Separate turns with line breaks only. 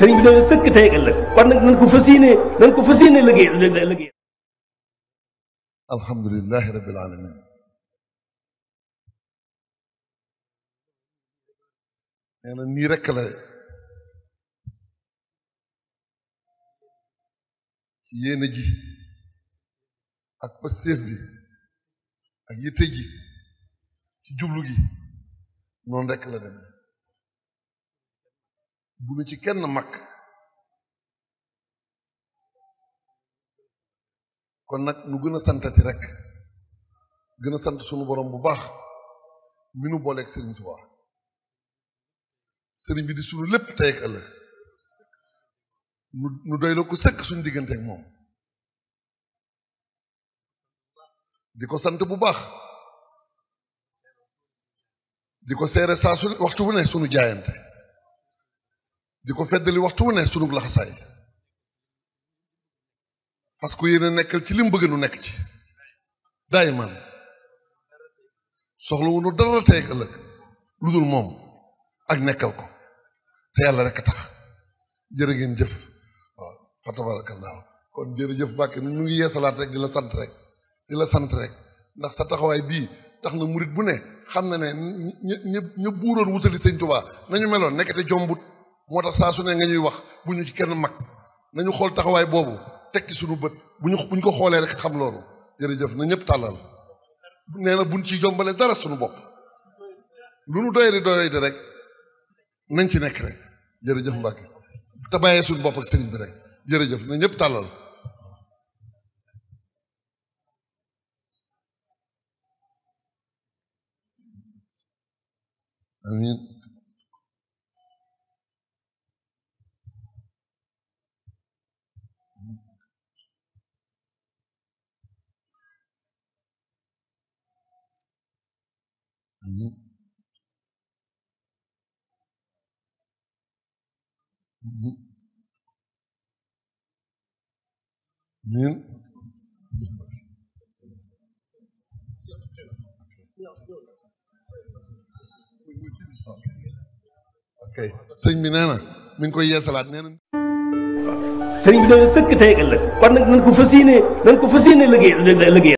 sëriñ bi dañu sëkk tey ëllëg kon nag nañ ko fas yéene nañ ko fas yéene liggéey liggéey alamin nee na nii rekk la ci yéene ji ak pastéef bi ak yitte ji ci jublu gi noonu rekk la dem bu nu ci kenn mag kon nag nu gën a santati rek gën a sant sunu borom bu baax mi nu booleeg sëriñ Tuubaa sëriñ bi di sunu lépp tey ak ëllëg nu doy ko sëkk suñu diggante ak moom di ko sant bu baax di ko seere saa su waxtu bu ne sunu jaayante di ko feddali waxtu ne sunug laxasaay parce que yéen a ci lim bëgg nu nekk ci daay man soxla wu nu dara tey ak ëllëg lu dul moom ak nekkal ko te yàlla rek a tax jërë ngeen jëf waaw fa tabarakallahu kon jërëjëf Mbàkke nu ngi yeesalaat rek di la sant rek di la sant rek ndax sa taxawaay bii tax na murit bu ne xam na ne ña ña buuroon wutali sëñ Tuubaa nañu meloon nekkete jombut moo tax saa su ne nga ñuy wax bu ñu ci kenn mag nañu xool taxawaay boobu tekki suñu bët bu ñu ko xoolee rek xam loolu jërëjëf na ñëpp tàllal nee na buñ ci jombale dara suñu bopp lu nu doyadi doyadi rek nañ ci nekk rek jërëjëf Mbacke te bàyyee suñu bopp ak sëriñ bi rek jërëjëf na ñëpp tàllal Amin. ok sëñ bi nee na mi ngi koy yeesalaat nee na. sëñ bi dana sëkk tey ak ëllëg kon nag nañ ko fas yéene nañ ko fas yéene liggéey liggéey